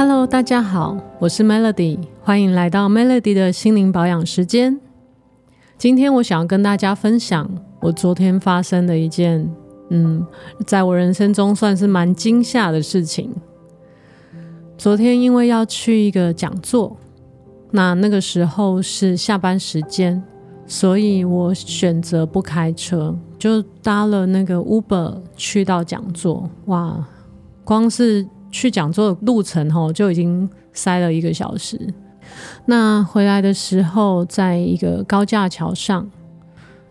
Hello，大家好，我是 Melody，歡迎來到 Melody 的心靈保養時間。今天我想要跟大家分享我昨天發生的一件，嗯，在我人生中算是蠻驚嚇的事情。昨天因為要去一個講座，那那個時候是下班時間，所以我選擇不開車，就搭了那個 Uber 去到講座。哇，光是去講座的路程，吼、哦、就已經塞了一個小時，那回來的時候，在一個高架橋上，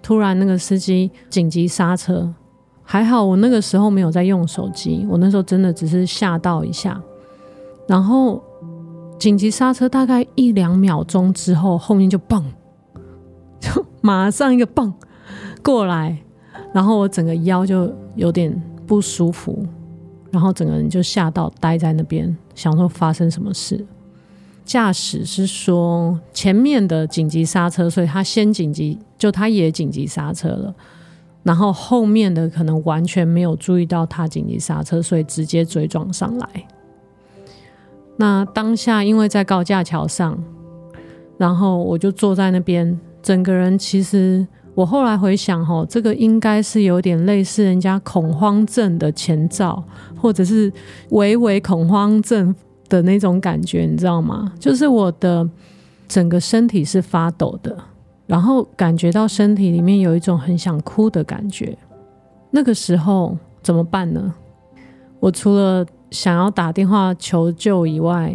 突然那個司機緊急剎車，還好我那個時候沒有在用手機，我那時候真的只是嚇到一下，然後緊急剎車大概一兩秒鐘之後，後面就蹦，就馬上一個蹦過來，然後我整個腰就有點不舒服。然後整個人就嚇到，待在那邊，想說發生什麼事。駕駛是說前面的緊急剎車，所以他先緊急，就他也緊急剎車了。然後後面的可能完全沒有注意到他緊急剎車，所以直接追撞上來。那當下因為在高架橋上，然後我就坐在那邊，整個人其實。我後來回想，哈，這個應該是有點類似人家恐慌症的前兆，或者是微微恐慌症的那種感覺，你知道嗎？就是我的整個身體是發抖的，然後感覺到身體裡面有一種很想哭的感覺。那個時候怎麼辦呢？我除了想要打電話求救以外，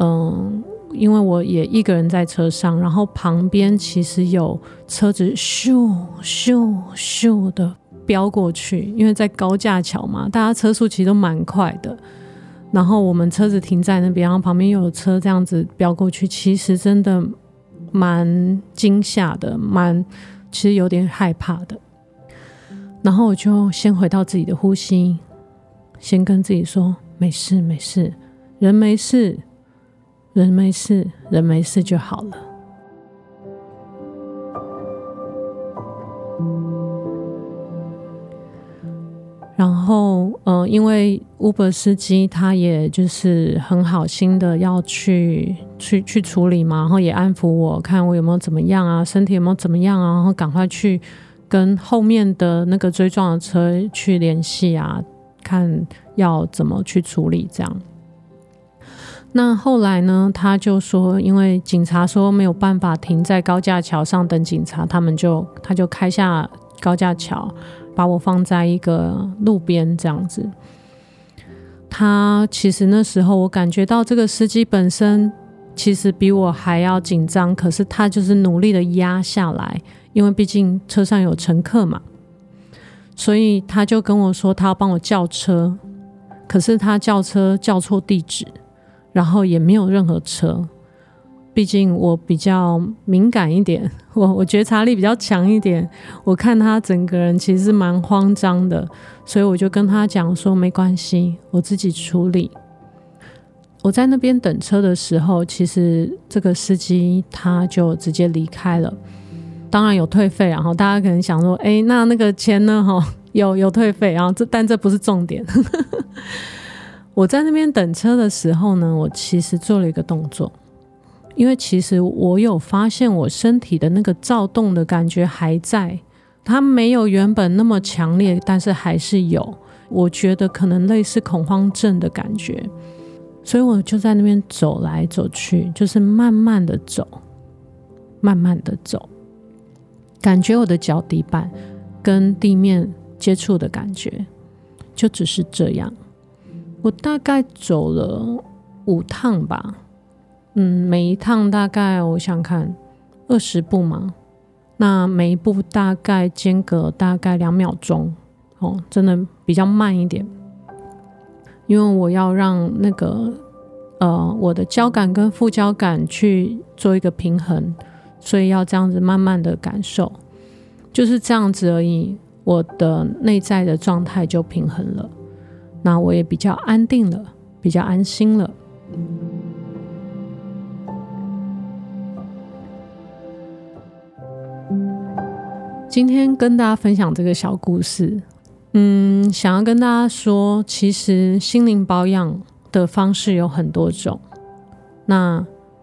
嗯。因為我也一個人在車上，然後旁邊其實有車子咻咻咻的飆過去，因為在高架橋嘛，大家車速其實都蠻快的。然後我們車子停在那邊，然後旁邊又有車這樣子飆過去，其實真的蠻驚嚇的，蠻，其實有點害怕的。然後我就先回到自己的呼吸，先跟自己說，沒事沒事，人沒事。人沒事，人沒事就好了。然後，嗯、呃，因為 Uber 司機他也就是很好心的要去去去處理嘛，然後也安撫，我看我有沒有怎麼樣啊，身體有沒有怎麼樣啊，然後趕快去跟後面的那個追撞的車去聯繫啊，看要怎麼去處理這樣。那後來呢，他就說，因為警察說沒有辦法停在高架橋上等警察，他們就，他就開下高架橋，把我放在一個路邊這樣子。他其實那時候我感覺到這個司機本身其實比我還要緊張，可是他就是努力的壓下來，因為畢竟車上有乘客嘛。所以他就跟我說，他要幫我叫車，可是他叫車叫錯地址。然後也沒有任何車，畢竟我比較敏感一點，我我覺察力比較強一點，我看他整個人其實是蠻慌張的，所以我就跟他講說沒關係，我自己處理。我在那邊等車的時候，其實這個司機他就直接離開了，當然有退費，然後大家可能想說，哎，那那個錢呢？有有退費，然後這但這不是重點。 我在那邊等車的時候呢，我其實做了一個動作，因為其實我有發現我身體的那個躁動的感覺還在，它沒有原本那麼強烈，但是還是有。我覺得可能類似恐慌症的感覺，所以我就在那邊走來走去，就是慢慢的走，慢慢的走，感覺我的腳底板跟地面接觸的感覺，就只是這樣。我大概走了五趟吧，嗯，每一趟大概我想看二十步嘛，那每一步大概間隔大概兩秒鐘，哦，真的比較慢一點，因為我要讓那個呃，我的交感跟副交感去做一個平衡，所以要這樣子慢慢的感受，就是這樣子而已，我的內在的狀態就平衡了。那我也比較安定了，比較安心了。今天跟大家分享這個小故事，嗯，想要跟大家說，其實心靈保養的方式有很多種。那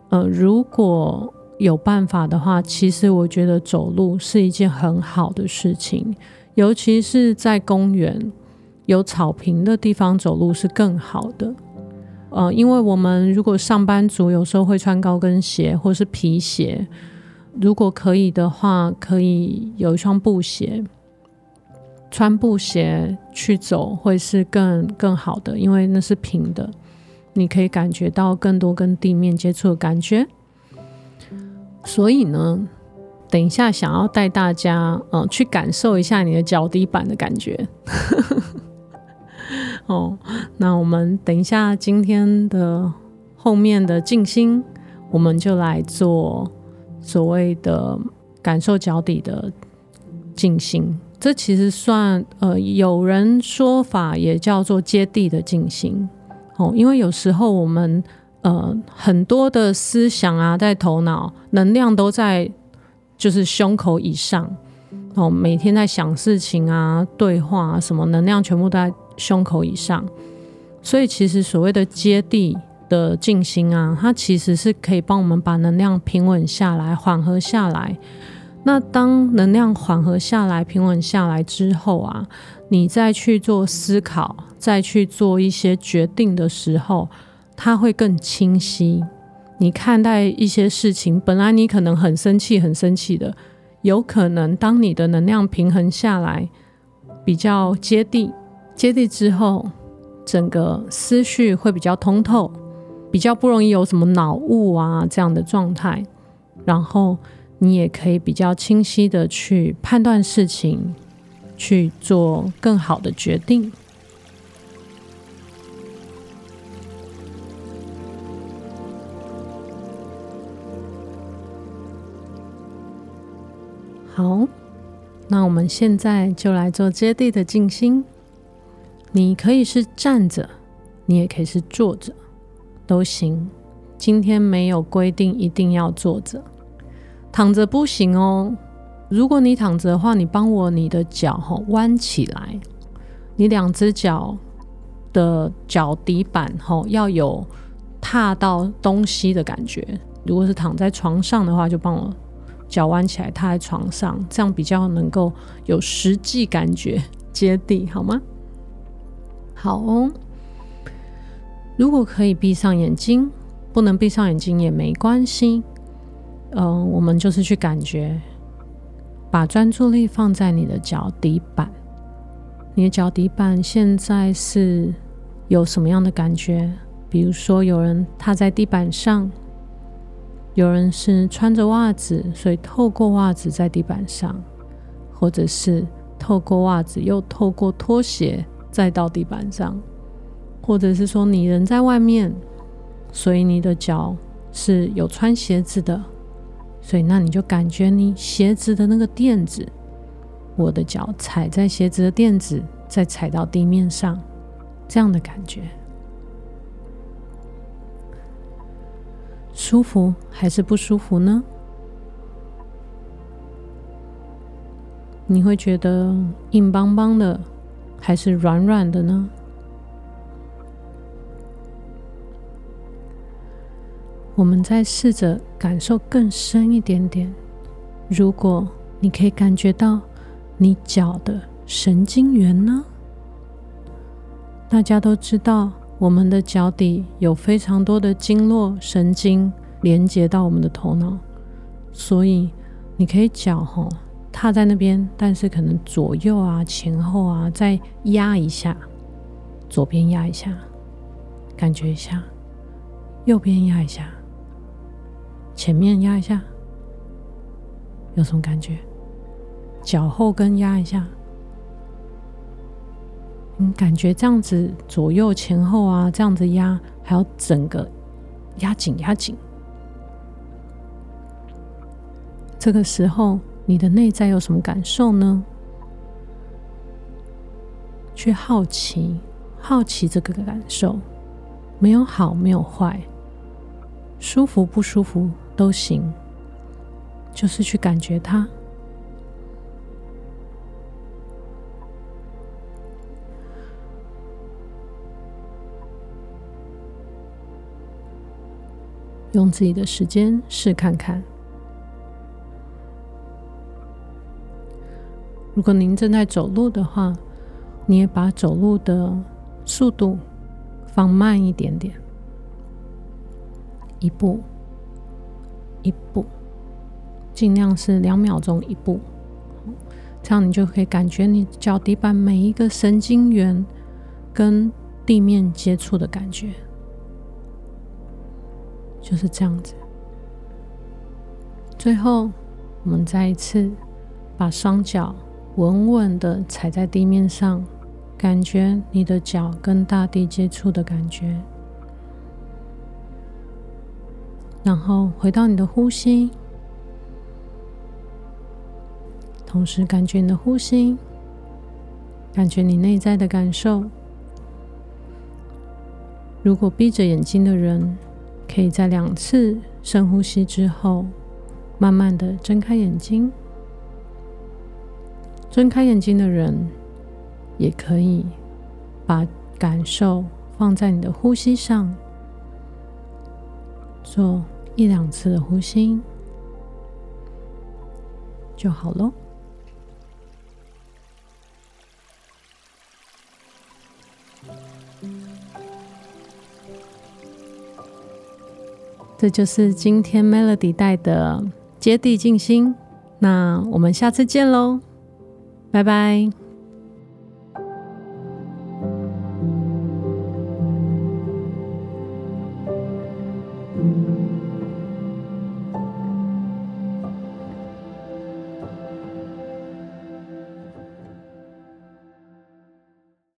呃，如果有辦法的話，其實我覺得走路是一件很好的事情，尤其是在公園。有草坪的地方走路是更好的，呃，因為我們如果上班族有時候會穿高跟鞋或是皮鞋，如果可以的話，可以有一雙布鞋，穿布鞋去走會是更更好的，因為那是平的，你可以感覺到更多跟地面接觸的感覺。所以呢，等一下想要帶大家，嗯、呃，去感受一下你的腳底板的感覺。 哦，那我們等一下今天的後面的靜心，我們就來做所謂的感受腳底的靜心。這其實算呃，有人說法也叫做接地的靜心。哦，因為有時候我們呃很多的思想啊，在頭腦能量都在就是胸口以上哦，每天在想事情啊、對話啊、什麼，能量全部都在，胸口以上，所以其實所謂的接地的靜心啊，它其實是可以幫我們把能量平穩下來、緩和下來。那當能量緩和下來、平穩下來之後啊，你再去做思考、再去做一些決定的時候，它會更清晰。你看待一些事情，本來你可能很生氣、很生氣的，有可能當你的能量平衡下來、比較接地。接地之後，整個思緒會比較通透，比較不容易有什麼腦霧啊這樣的狀態。然後你也可以比較清晰的去判斷事情，去做更好的決定。好，那我們現在就來做接地的靜心。你可以是站着，你也可以是坐着，都行。今天沒有規定一定要坐着，躺着不行哦。如果你躺着的話，你幫我你的腳哦，彎起來，你兩隻腳的腳底板哈要有踏到東西的感覺。如果是躺在床上的話，就幫我腳彎起來，踏在床上，這樣比較能夠有實際感覺接地，好嗎？好哦，如果可以閉上眼睛，不能閉上眼睛也沒關係。嗯、呃，我們就是去感覺，把專注力放在你的腳底板。你的腳底板現在是有什麼樣的感覺？比如說，有人踏在地板上，有人是穿着襪子，所以透過襪子在地板上，或者是透過襪子又透過拖鞋。再到地板上，或者是說你人在外面，所以你的腳是有穿鞋子的，所以那你就感覺你鞋子的那個墊子，我的腳踩在鞋子的墊子，再踩到地面上，這樣的感覺舒服還是不舒服呢？你會覺得硬邦邦的，還是軟軟的呢？我們再試着感受更深一點點。如果你可以感覺到你腳的神經元呢？大家都知道，我們的腳底有非常多的經絡神經連接到我們的頭腦，所以你可以腳哈。踏在那邊，但是可能左右啊、前後啊，再壓一下，左邊壓一下，感覺一下，右邊壓一下，前面壓一下，有什麼感覺？腳後跟壓一下，你感覺這樣子左右前後啊，這樣子壓，還要整個壓緊、壓緊。這個時候。你的內在有什麼感受呢？去好奇，好奇這個感受，沒有好，沒有壞，舒服不舒服都行，就是去感覺它。用自己的時間試看看。如果您正在走路的話，你也把走路的速度放慢一點點，一步一步，盡量是兩秒鐘一步，這樣你就可以感覺你腳底板每一個神經元跟地面接觸的感覺，就是這樣子。最後，我們再一次把雙腳。穩穩的踩在地面上，感覺你的腳跟大地接觸的感覺，然後回到你的呼吸，同時感覺你的呼吸，感覺你內在的感受。如果閉着眼睛的人，可以在兩次深呼吸之後，慢慢的睜開眼睛。睜開眼睛的人，也可以把感受放在你的呼吸上，做一兩次的呼吸就好囉。 這就是今天 Melody 帶的接地靜心。那我們下次見嘍！拜拜。